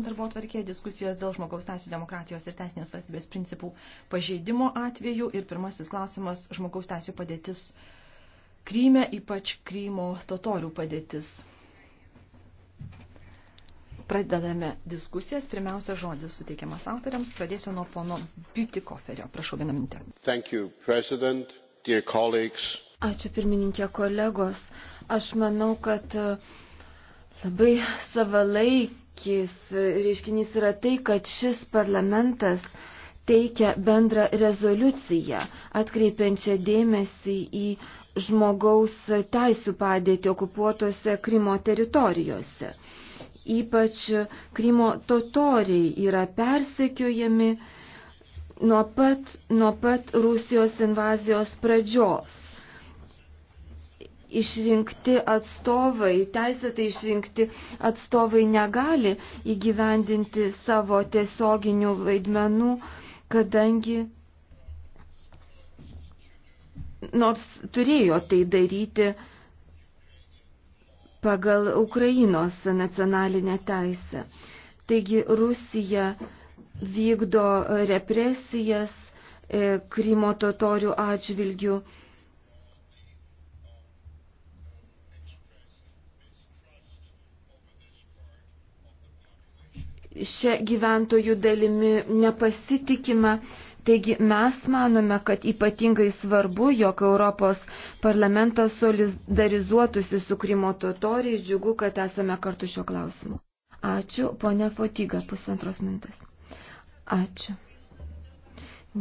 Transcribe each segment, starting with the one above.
Darbo atvarkė diskusijos dėl žmogaus teisų demokratijos ir teisinės valstybės principų pažeidimo atveju. Ir pirmasis klausimas - žmogaus teisų padėtis Kryme, ypač Krymo totorių padėtis. Pradedame diskusijas. Pirmiausia, žodis suteikiamas autoriams. Pradėsiu nuo pono Biutikoferio. Prašau vieną minutę. Ačiū pirmininkė kolegos. Aš manau, kad e, labai savalaik poveikis reiškinys yra tai, kad šis parlamentas teikia bendrą rezoliuciją, atkreipiančią dėmesį į žmogaus teisų padėti okupuotose Krymo teritorijose. Ypač Krymo totoriai yra persekiojami nuo pat, nuo pat Rusijos invazijos pradžios išrinkti atstovai, teisėtai išrinkti atstovai negali įgyvendinti savo tiesioginių vaidmenų, kadangi nors turėjo tai daryti pagal Ukrainos nacionalinę teisę. Taigi Rusija vykdo represijas e, Krymo totorių atžvilgių šią gyventojų dalimi nepasitikima. Taigi mes manome, kad ypatingai svarbu, jog Europos parlamentas solidarizuotųsi su Krymo totoriais. Džiugu, kad esame kartu šiuo klausimu. Ačiū, ponia Fotyga, pusantros minutės. Ačiū.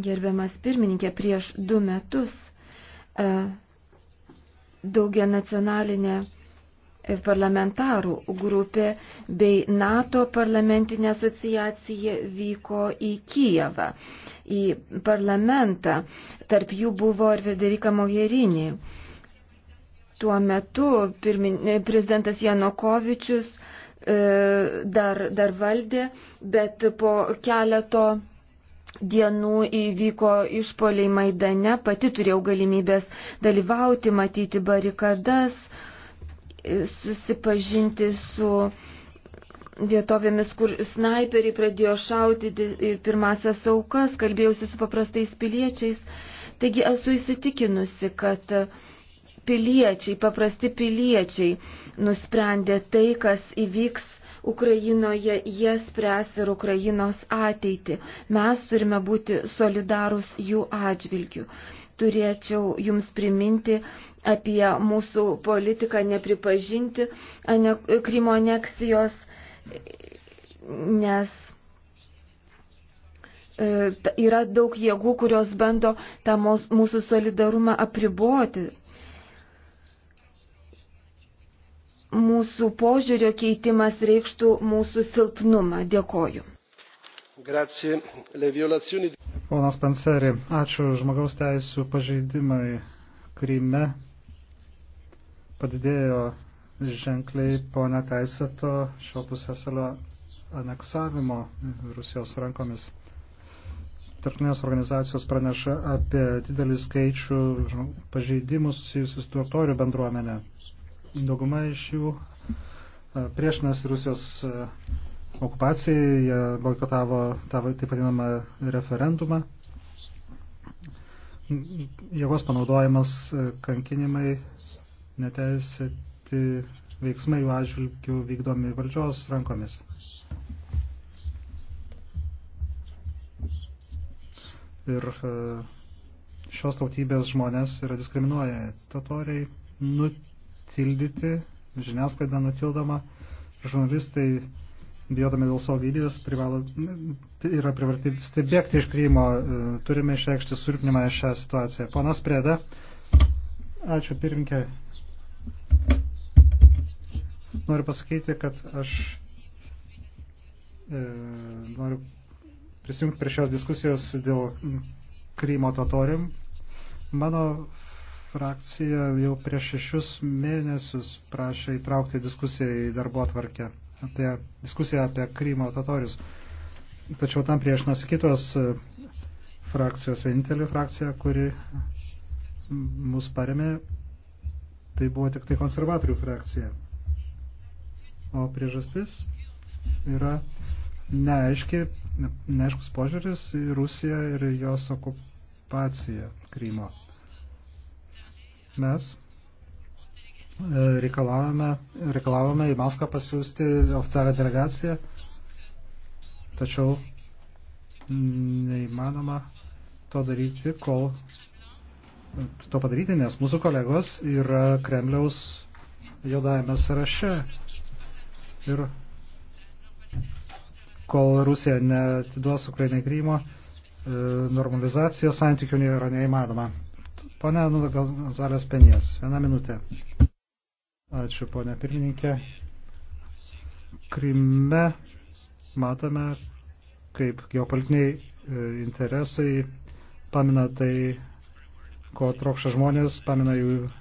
Gerbiamas pirmininkė, prieš du metus e, daugia nacionalinė parlamentarų grupė bei NATO parlamentinė asociacija vyko į Kijevą, į parlamentą. Tarp jų buvo ir Federika Mogherini. Tuo metu pirmin, e, prezidentas Janukovičius e, dar, dar valdė, bet po keleto dienų įvyko išpoliai Maidane, pati turėjau galimybės dalyvauti, matyti barikadas, susipažinti su vietovėmis, kur snaiperiai pradėjo šaudyti pirmasias aukas, kalbėjausi su paprastais piliečiais. Taigi esu įsitikinusi, kad piliečiai, paprasti piliečiai nusprendė tai, kas įvyks Ukrainoje, jie spręs ir Ukrainos ateitį. Mes turime būti solidarus jų atžvilgių turėčiau jums priminti apie mūsų politiką nepripažinti ane, Krymo aneksijos, nes e, yra daug jėgų, kurios bando tą mūsų solidarumą apriboti. Mūsų požiūrio keitimas reikštų mūsų silpnumą. Dėkoju. Grazie. Le violazioni... Ponas Panseri, ačiū žmogaus teisų pažeidimai Kryme padidėjo ženkliai po neteisėto šio pusėsalio aneksavimo Rusijos rankomis. Tarptautinės organizacijos praneša apie didelį skaičių pažeidimų susijusius su totorių bendruomenė. Dauguma iš jų priešinasi Rusijos okupacijai, jie boikotavo tą taip vadinamą referendumą. Jėgos panaudojimas, e, kankinimai, neteisėti veiksmai jų atžvilgių vykdomi valdžios rankomis. Ir e, šios tautybės žmonės yra diskriminuoja. Totoriai nutildyti, žiniasklaida nutildama, žurnalistai bijodami dėl savo gyvybės, privalo, tai yra priversti bėgti iš Krymo. E, turime išreikšti surpnimą šią situaciją. Ponas Prėda, ačiū pirminkė. Noriu pasakyti, kad aš e, noriu prisijungti prie šios diskusijos dėl Krymo totorim. Mano frakcija jau prieš šešius mėnesius prašė įtraukti diskusiją į darbo atvarkę apie diskusiją apie Krymo totorius. Tačiau tam priešinasi kitos e, frakcijos, vienintelė frakcija, kuri mus paremė, tai buvo tik tai konservatorių frakcija. O priežastis yra neaiški, neaiškus požiūris į Rusiją ir jos okupaciją Krymo. Mes E, reikalavome, reikalavome į Maskvą pasiūsti oficialią delegaciją, tačiau neįmanoma to daryti, kol to padaryti, nes mūsų kolegos yra Kremliaus jodajame sąraše. Ir kol Rusija netiduos Ukrainai Krymo, e, normalizacija santykių nėra neįmanoma. Pone Nugalzalės Penės, vieną minutę. Ačiū, ponė pirmininkė. Krime matome, kaip geopolitiniai e, interesai pamina tai, ko trokšia žmonės, pamina jų e,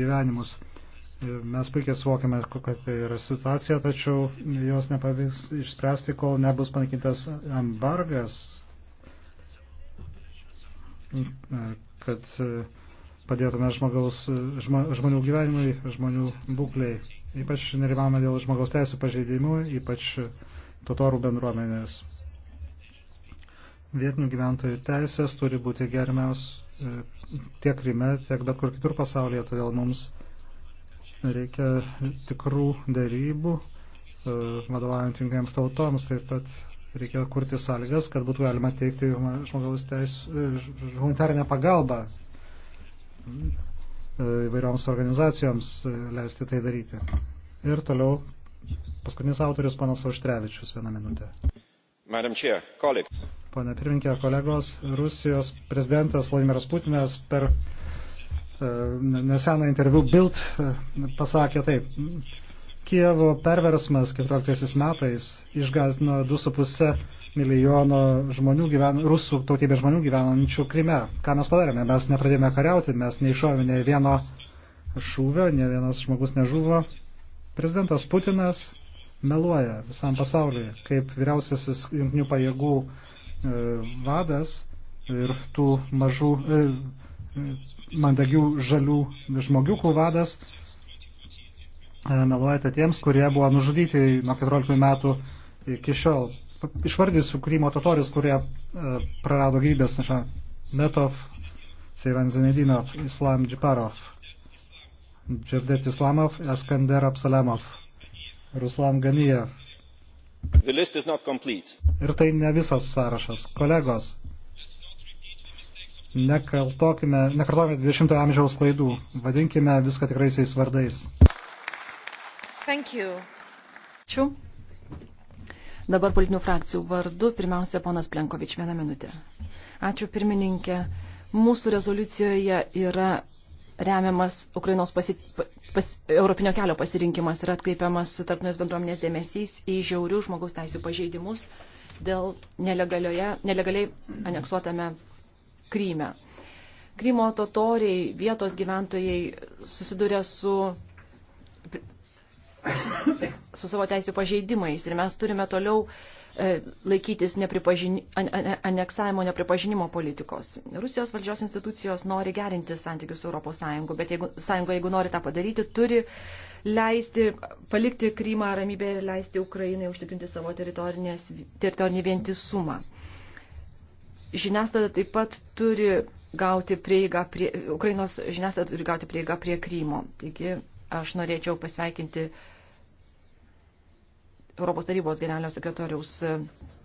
gyvenimus. E, mes puikiai suvokiame, kokia tai yra situacija, tačiau jos nepavyks išspręsti, kol nebus panaikintas embargas, kad padėtume žmogaus, žmo, žmonių gyvenimui, žmonių būklei. Ypač nerimame dėl žmogaus teisų pažeidimų, ypač totorų bendruomenės. Vietinių gyventojų teisės turi būti gerimiaus e, tiek Krime, tiek bet kur kitur pasaulyje, todėl mums reikia tikrų darybų, e, vadovaujant jungtinėms tautoms, taip pat reikia kurti sąlygas, kad būtų galima teikti žmogaus teisų e, humanitarinę pagalbą E, įvairioms organizacijoms e, leisti tai daryti. Ir toliau paskutinis autorius panas Auštrevičius vieną minutę. Madam Chair, colleagues. Pane pirminkė, kolegos, Rusijos prezidentas Vladimiras Putinas per e, neseną interviu Bild pasakė taip. Kievo perversmas 14 metais išgazdino 2,5 milijono žmonių gyven, rusų tautybės žmonių gyvenančių Krime. Ką mes padarėme? Mes nepradėjome kariauti, mes neišovėme ne vieno šūvio, ne vienas žmogus nežuvo. Prezidentas Putinas meluoja visam pasauliui, kaip vyriausiasis jungtinių pajėgų e, vadas ir tų mažų e, e mandagių žalių žmogiukų vadas e, meluojate tiems, kurie buvo nužudyti nuo 14 metų iki šiol išvardysiu Krymo totorius, kurie e, prarado gyvybės, Metov, Seivan Zinedinov, Islam Džiparov, Džerdet Islamov, Eskander Apsalemov, Ruslan Ganijev. Ir tai ne visas sąrašas. Kolegos, nekartokime, nekartokime 20-ojo amžiaus klaidų. Vadinkime viską tikraisiais vardais. Thank you. Ačiū. Dabar politinių frakcijų vardu, pirmiausia, ponas Plenkovič, vieną minutę. Ačiū pirmininkė. Mūsų rezoliucijoje yra remiamas Ukrainos pasi, pas, europinio kelio pasirinkimas ir atkreipiamas tarptautinės bendruomenės dėmesys į žiaurių žmogaus teisų pažeidimus dėl nelegaliai aneksuotame Kryme. Krymo totoriai, vietos gyventojai susiduria su su savo teisų pažeidimais ir mes turime toliau e, laikytis nepripažini, aneksavimo nepripažinimo politikos. Rusijos valdžios institucijos nori gerinti santykius Europos Sąjungo, bet jeigu, Sąjungo, jeigu nori tą padaryti, turi leisti, palikti Krymą ramybę ir leisti Ukrainai užtikrinti savo teritorinį vientisumą. Žiniasklaida taip pat turi gauti prieigą prie, Ukrainos žiniasklaida turi gauti prieigą prie Krymo. Taigi Aš norėčiau pasveikinti Europos tarybos generalinio sekretoriaus e,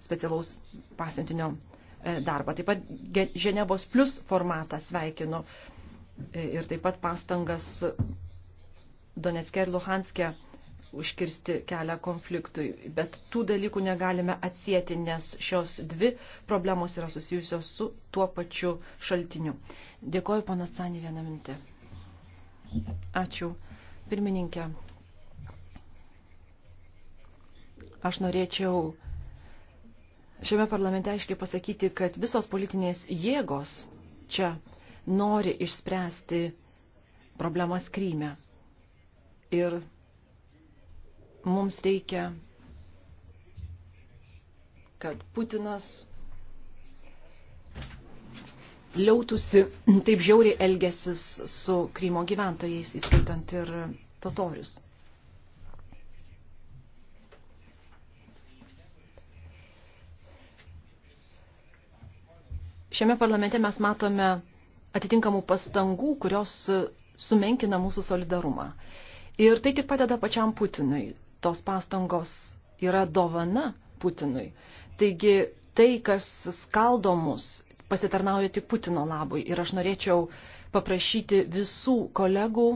specialaus pasiuntinio e, darbą. Taip pat Ženevos plus formatą sveikinu e, ir taip pat pastangas Donetskė ir Luhanskė užkirsti kelią konfliktui. Bet tų dalykų negalime atsijėti, nes šios dvi problemos yra susijusios su tuo pačiu šaltiniu. Dėkoju, panas Sani, vieną mintį. Ačiū. Pirmininkė, aš norėčiau šiame parlamente aiškiai pasakyti, kad visos politinės jėgos čia nori išspręsti problemas Kryme. Ir mums reikia, kad Putinas liautusi taip žiauriai elgesis su Krymo gyventojais, įskaitant ir totorius. Šiame parlamente mes matome atitinkamų pastangų, kurios sumenkina mūsų solidarumą. Ir tai tik padeda pačiam Putinui. Tos pastangos yra dovana Putinui. Taigi tai, kas skaldo mus pasitarnauja tik Putino labui. Ir aš norėčiau paprašyti visų kolegų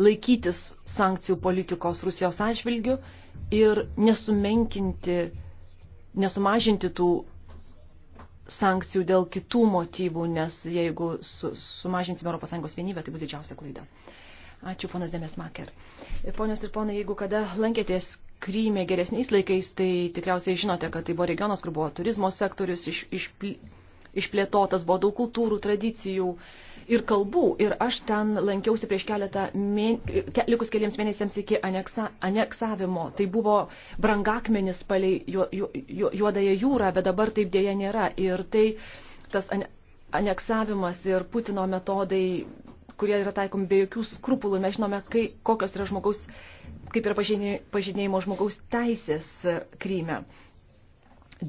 laikytis sankcijų politikos Rusijos atžvilgių ir nesumenkinti, nesumažinti tų sankcijų dėl kitų motyvų, nes jeigu su, sumažinsime ES vienybę, tai bus didžiausia klaida. Ačiū, ponas Demės Maker. Ponios ir ponai, jeigu kada lankėtės Kryme geresniais laikais, tai tikriausiai žinote, kad tai buvo regionas, kur buvo turizmo sektorius iš, iš, išplėtotas, buvo daug kultūrų, tradicijų ir kalbų. Ir aš ten lankiausi prieš keletą, mėn... ke... likus keliams mėnesiams iki aneksa... aneksavimo. Tai buvo brangakmenis palei ju... Ju... Ju... juodąją jūrą, bet dabar taip dėja nėra. Ir tai tas ane... aneksavimas ir Putino metodai kurie yra taikomi be jokių skrupulų. Mes žinome, kai, kokios yra žmogaus kaip yra pažinėjimo žmogaus teisės kryme.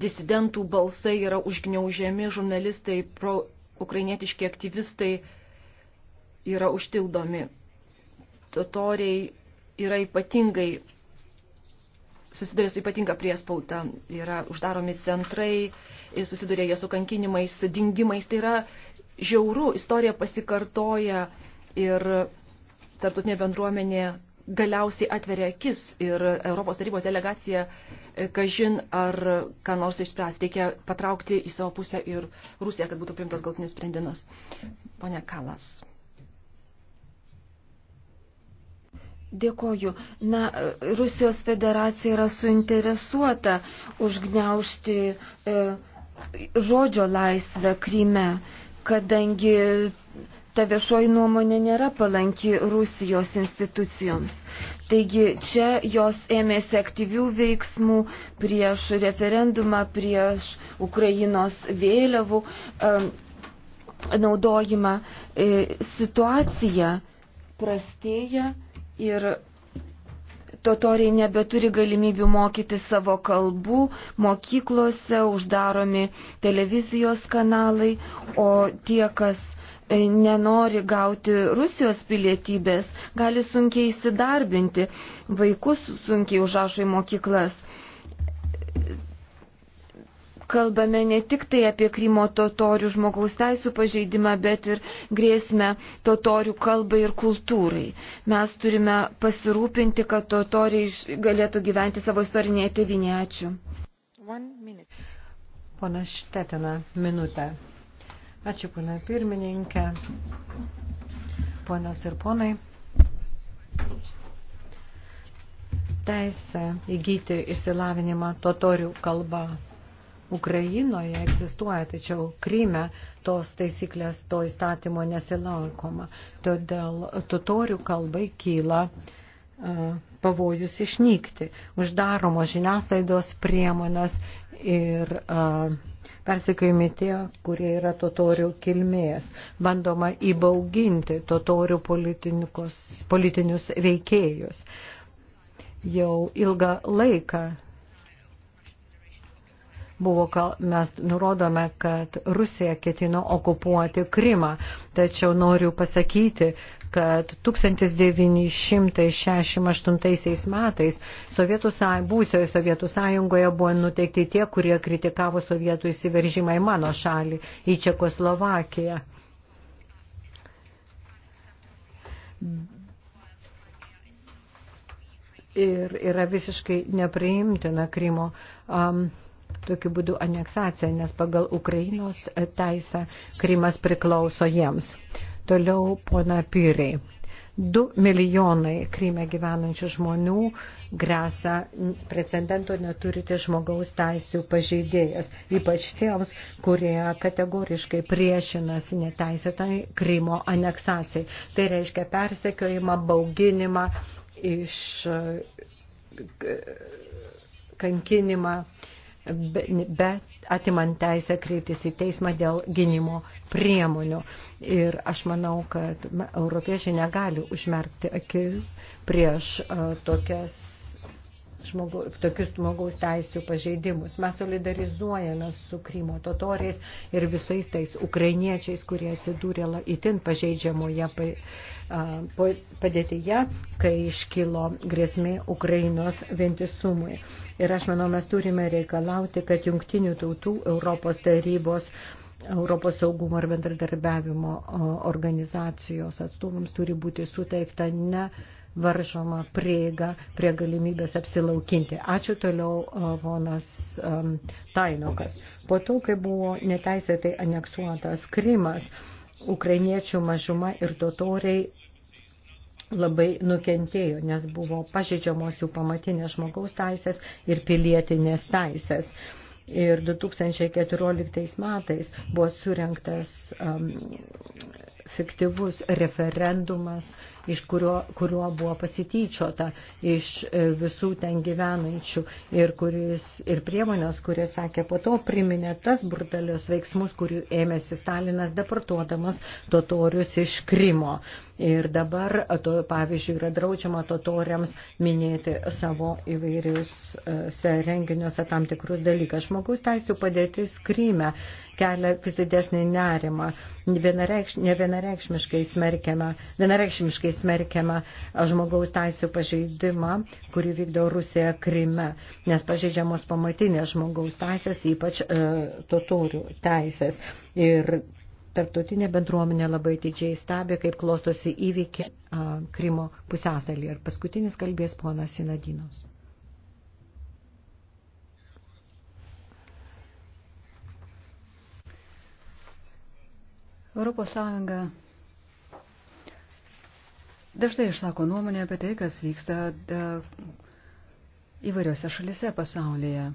Disidentų balsai yra užgniaužiami, žurnalistai, pro-ukrainietiški aktyvistai yra užtildomi. Totoriai yra ypatingai, susiduria su ypatinga priespauta, yra uždaromi centrai, susiduria jie su kankinimais, dingimais. Tai yra žiauru, istorija pasikartoja ir tarptautinė bendruomenė galiausiai atveria akis ir Europos tarybos delegacija, e, kažin ar ką nors išspręs, reikia patraukti į savo pusę ir Rusiją, kad būtų priimtas galtinis sprendimas. Pone Kalas. Dėkoju. Na, e, Rusijos federacija yra suinteresuota užgneušti e, žodžio laisvę Kryme, kadangi ta viešoji nuomonė nėra palanki Rusijos institucijoms. Taigi čia jos ėmėsi aktyvių veiksmų prieš referendumą, prieš Ukrainos vėliavų naudojimą. E, situacija prastėja ir totoriai nebeturi galimybių mokyti savo kalbų, mokyklose uždaromi televizijos kanalai, o tie, kas nenori gauti Rusijos pilietybės, gali sunkiai įsidarbinti, vaikus sunkiai užrašo į mokyklas. Kalbame ne tik tai apie Krymo totorių žmogaus teisų pažeidimą, bet ir grėsmę totorių kalbai ir kultūrai. Mes turime pasirūpinti, kad totoriai galėtų gyventi savo istorinėje tevinėje. Ačiū. Ponas Štetina, minutę. Ačiū, pana pirmininkė, ponios ir ponai. Teisė įgyti išsilavinimą totorių kalbą Ukrainoje egzistuoja, tačiau Kryme tos taisyklės to įstatymo nesilaikoma. Todėl totorių kalbai kyla uh, pavojus išnykti. Uždaromos žiniasklaidos priemonės ir uh, persekiojami tie, kurie yra totorių kilmėjas. Bandoma įbauginti totorių politinius veikėjus. Jau ilgą laiką buvo, mes nurodome, kad Rusija ketino okupuoti Krimą. Tačiau noriu pasakyti, kad 1968 metais Sovietų sąjung, būsioje Sovietų sąjungoje buvo nuteikti tie, kurie kritikavo Sovietų įsiveržimą į mano šalį, į Čekoslovakiją. Ir yra visiškai nepriimtina Krymo um, tokiu būdu aneksaciją, nes pagal Ukrainos teisę Krymas priklauso jiems. Toliau pona Pyrai. 2 milijonai Kryme gyvenančių žmonių grėsia precedento neturite žmogaus teisų pažeidėjas, ypač tiems, kurie kategoriškai priešinasi neteisėtai Krymo aneksacijai. Tai reiškia persekiojimą, bauginimą, iš kankinimą bet atimant teisę kreiptis į teismą dėl gynimo priemonių. Ir aš manau, kad europiečiai negali užmerkti akių prieš tokias žmogu, tokius žmogaus teisų pažeidimus. Mes solidarizuojame su Krymo totoriais ir visais tais ukrainiečiais, kurie atsidūrė itin pažeidžiamoje padėtyje, kai iškilo grėsmė Ukrainos vientisumui. Ir aš manau, mes turime reikalauti, kad jungtinių tautų Europos tarybos Europos saugumo ir bendradarbiavimo organizacijos atstovams turi būti suteikta ne varžoma prieiga prie galimybės apsilaukinti. Ačiū toliau vonas um, Tainokas. Po to, kai buvo neteisėtai aneksuotas Krymas, ukrainiečių mažuma ir totoriai labai nukentėjo, nes buvo pažeidžiamos jų pamatinės žmogaus taisės ir pilietinės taisės. Ir 2014 metais buvo surinktas um, fiktyvus referendumas iš kurio, kurio buvo pasityčiota iš e, visų ten gyvenančių ir, kuris, ir priemonės, kurias sakė po to, priminė tas brutalius veiksmus, kurių ėmėsi Stalinas deportuodamas totorius iš Krimo. Ir dabar, to, pavyzdžiui, yra draudžiama totoriams minėti savo įvairius e, renginiuose tam tikrus dalykus. Žmogaus teisų padėtis Kryme kelia vis didesnį nerimą. Vienareikš, ne vienareikšmiškai smerkiame, vienareikšmiškai smarkiai smerkiama žmogaus teisų pažeidimą, kurį vykdo Rusija Krime, nes pažeidžiamos pamatinės žmogaus teisės, ypač e, totorių teisės. Ir tarptautinė bendruomenė labai didžiai stebė, kaip klostosi įvykė e, Krimo pusęsalį. Ir paskutinis kalbės ponas Sinadinos. Europos Sąjunga dažnai išsako nuomonę apie tai, kas vyksta e, įvairiose šalise pasaulyje.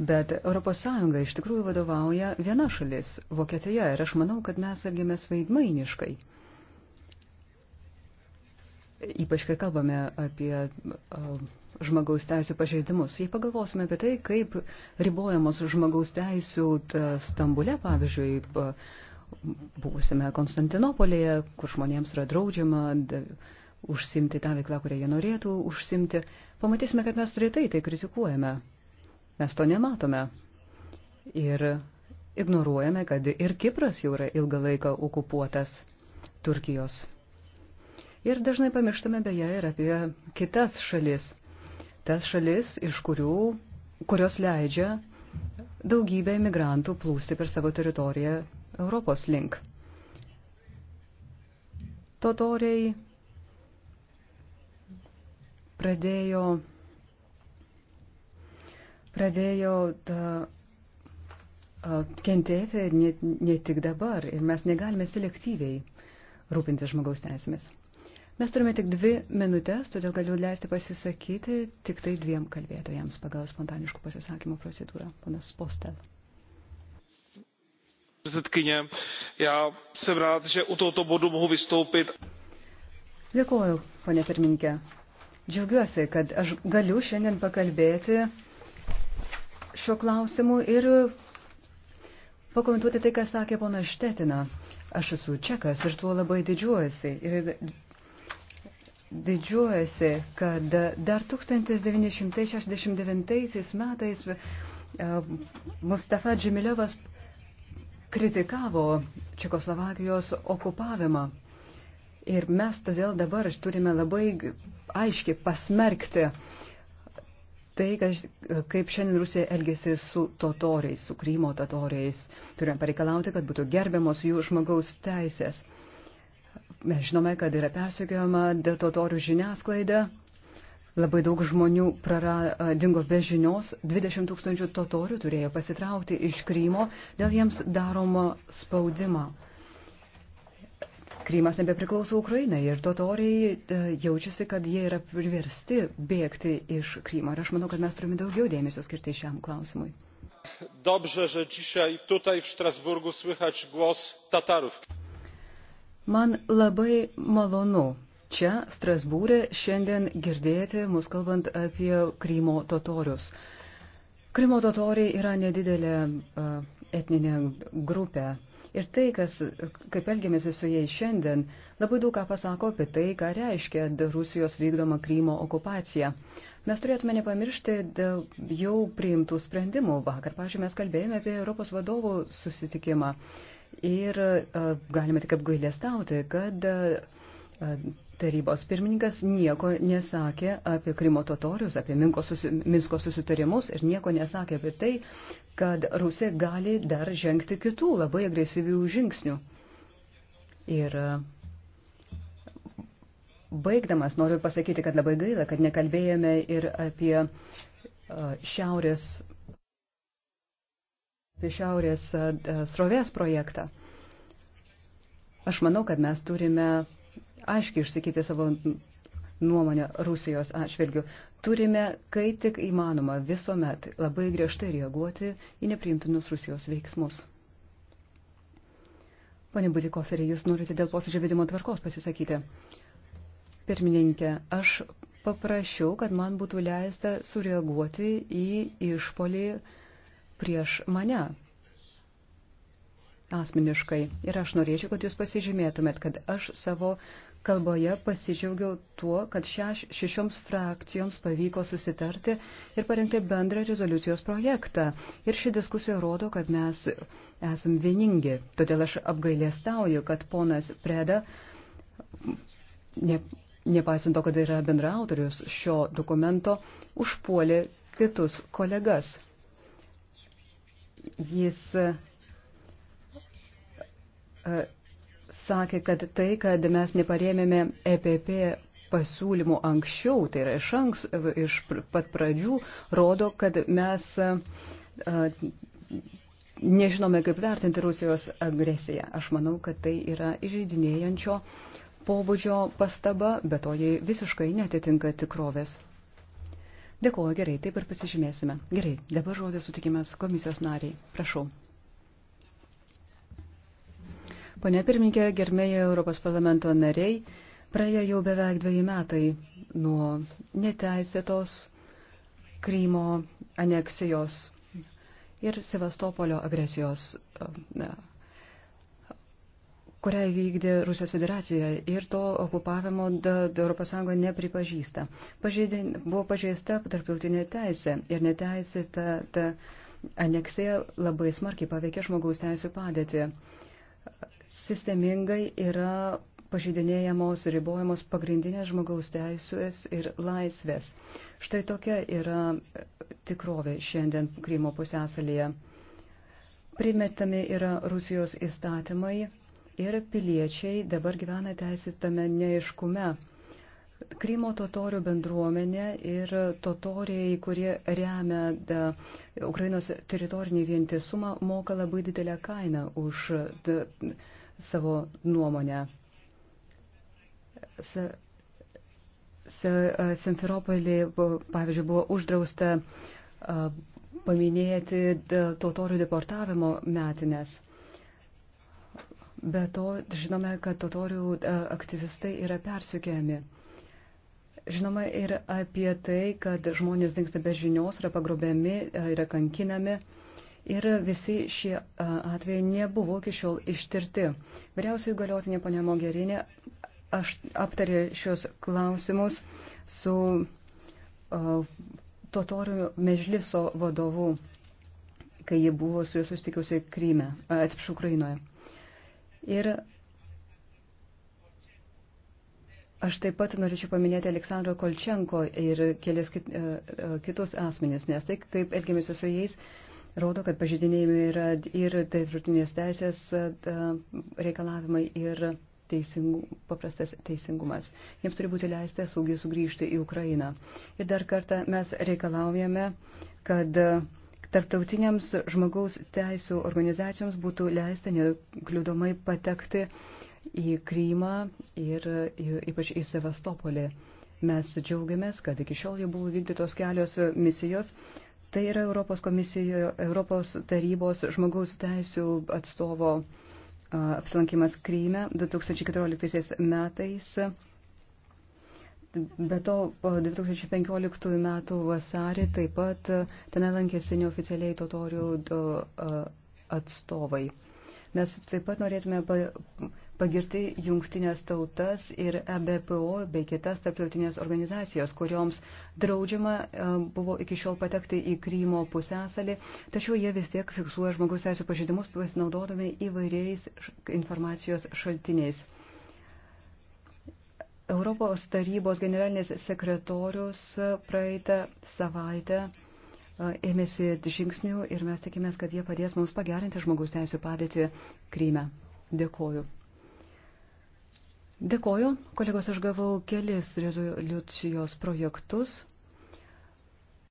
Bet ES iš tikrųjų vadovauja viena šalis - Vokietija. Ir aš manau, kad mes elgiamės vaidmainiškai. Ypač, kai kalbame apie uh, žmogaus teisų pažeidimus. Jei pagalvosime apie tai, kaip ribojamos žmogaus teisų stambule, pavyzdžiui, buvusime Konstantinopolėje, kur žmonėms yra draudžiama užsimti tą veiklą, kurią jie norėtų užsimti, pamatysime, kad mes rytai tai kritikuojame. Mes to nematome. Ir ignoruojame, kad ir Kipras jau yra ilgą laiką okupuotas Turkijos. Ir dažnai pamirštame beje ir apie kitas šalis. Tas šalis, iš kurių, kurios leidžia daugybę imigrantų plūsti per savo teritoriją Europos link. Totoriai pradėjo, pradėjo da, kentėti ne, ne tik dabar ir mes negalime selektyviai rūpinti žmogaus teisėmis. Mes turime tik dvi minutės, todėl galiu leisti pasisakyti tik tai dviem kalbėtojams pagal spontaniškų pasisakymų procedūrą, ponas Postel předsedkyně já jsem rád že u tohoto bodu mohu vystoupit. dėkoju pone pirmininke džiaugiuosi kad aš galiu šiandien pakalbėti šiuo klausimu ir pakomentuoti tai ką sakė ponas štetina aš esu čekas ir tuo labai didžiuojasi ir didžiuojasi kad dar 1969 metais e, Mustafa Džemilevas kritikavo Čekoslovakijos okupavimą. Ir mes todėl dabar turime labai aiškiai pasmerkti tai, kaip šiandien Rusija elgėsi su totoriais, su Krymo totoriais. Turime pareikalauti, kad būtų gerbiamos jų žmogaus teisės. Mes žinome, kad yra persikiojama totorių žiniasklaida, Labai daug žmonių prara, dingo be žinios, 20 tūkstančių totorių turėjo pasitraukti iš Krymo dėl jiems daromo spaudimo. Krymas nebepriklauso Ukrainai ir totoriai jaučiasi, kad jie yra priversti bėgti iš Krymo. Ir aš manau, kad mes turime daugiau dėmesio skirti šiam klausimui. Dobrze, że dzisiaj tutaj w Strasburgu słychać głos Tatarów. Man labai malonu čia, Strasbūrė, šiandien girdėti mus kalbant apie Krymo totorius. Krymo totoriai yra nedidelė etninė grupė. Ir tai, kas, kaip elgiamėsi su jais šiandien, labai daug ką pasako apie tai, ką reiškia Rusijos vykdoma Krymo okupacija. Mes turėtume nepamiršti jau priimtų sprendimų. Vakar, pažiūrėjau, mes kalbėjome apie Europos vadovų susitikimą. Ir uh, galime tik apgailėstauti, kad uh, Tarybos pirmininkas nieko nesakė apie Krymo totorius, apie susi, Minsko susitarimus ir nieko nesakė apie tai, kad Rusija gali dar žengti kitų labai agresyvių žingsnių. Ir baigdamas noriu pasakyti, kad labai gaila, kad nekalbėjome ir apie šiaurės, apie šiaurės srovės projektą. Aš manau, kad mes turime aiškiai išsakyti savo nuomonę Rusijos atšvilgių. Turime, kai tik įmanoma, visuomet labai griežtai reaguoti į nepriimtinus Rusijos veiksmus. Pane Budikoferi, jūs norite dėl posėdžio vedimo tvarkos pasisakyti. Pirmininkė, aš paprašiau, kad man būtų leista sureaguoti į išpolį prieš mane asmeniškai. Ir aš norėčiau, kad jūs pasižymėtumėt, kad aš savo uh, kalboje pasidžiaugiau tuo, kad šeš, šešioms frakcijoms pavyko susitarti ir parengti bendrą rezoliucijos projektą. Ir ši diskusija rodo, kad mes esam vieningi. Todėl aš apgailėstauju, kad ponas Preda, ne, nepaisant to, kad yra bendra autorius šio dokumento, užpuolė kitus kolegas. Jis. Uh, sakė, kad tai, kad mes neparėmėme EPP pasiūlymų anksčiau, tai yra iš, anks, iš pat pradžių, rodo, kad mes nežinome, kaip vertinti Rusijos agresiją. Aš manau, kad tai yra įžeidinėjančio pobūdžio pastaba, bet to jai visiškai netitinka tikrovės. Dėkuoju, gerai, taip ir pasižymėsime. Gerai, dabar žodį sutikimas komisijos nariai. Prašau. Pane pirmininkė, gerbėjai Europos parlamento nariai, praėjo jau beveik dviejai metai nuo neteisėtos Krymo aneksijos ir Sevastopolio agresijos, kurią vykdė Rusijos federacija ir to okupavimo ES nepripažįsta. Pažeidė, buvo pažeista tarptautinė teisė ir neteisėta ta aneksija labai smarkiai paveikė žmogaus teisų padėtį sistemingai yra pažydinėjamos ir ribojamos pagrindinės žmogaus teisės ir laisvės. Štai tokia yra tikrovė šiandien Krymo pusėsalyje. Primetami yra Rusijos įstatymai ir piliečiai dabar gyvena teisėtame neiškume. Krymo totorių bendruomenė ir totoriai, kurie remia da, Ukrainos teritorinį vientisumą, moka labai didelę kainą už da, savo nuomonę. Simferopolį, pavyzdžiui, buvo uždrausta paminėti totorių deportavimo metinės. Be to, žinome, kad totorių aktyvistai yra persikėjami. Žinoma ir apie tai, kad žmonės dinksta be žinios, yra pagrobiami, yra kankinami. Ir visi šie atvejai nebuvo iki šiol ištirti. Vyriausiai galiotinė ponė Mogerinė aš aptarė šios klausimus su uh, Totorių Mežliso vadovu, kai ji buvo su juo susitikusi Kryme, atsiprašau, Ukrainoje. Ir Aš taip pat norėčiau paminėti Aleksandro Kolčenko ir kelias kitus asmenys, nes tai, kaip elgėmės su jais, uh, rodo, kad pažydinėjami yra ir tarptautinės teisės reikalavimai ir teisingu, paprastas teisingumas. Jiems turi būti leista saugiai sugrįžti į Ukrainą. Ir dar kartą mes reikalaujame, kad tarptautiniams žmogaus teisų organizacijoms būtų leista nekliudomai patekti į Krymą ir ypač į Sevastopolį. Mes džiaugiamės, kad iki šiol jau buvo vykdytos kelios misijos, Tai yra Europos komisijoje, Europos tarybos žmogaus teisų atstovo apsilankimas Kryme 2014 metais. Be to, 2015 metų vasarį taip pat ten lankėsi neoficialiai totorių atstovai. Mes taip pat norėtume pagirti jungtinės tautas ir EBPO bei kitas tarptautinės organizacijos, kurioms draudžiama e, buvo iki šiol patekti į Krymo pusęsalį, tačiau jie vis tiek fiksuoja žmogus teisų pažeidimus pasinaudodami įvairiais informacijos šaltiniais. Europos tarybos generalinis sekretorius praeitą savaitę e, ėmėsi žingsnių ir mes tikimės, kad jie padės mums pagerinti žmogus teisų padėtį Kryme. Dėkuoju. Dėkoju, kolegos, aš gavau kelis rezoliucijos projektus.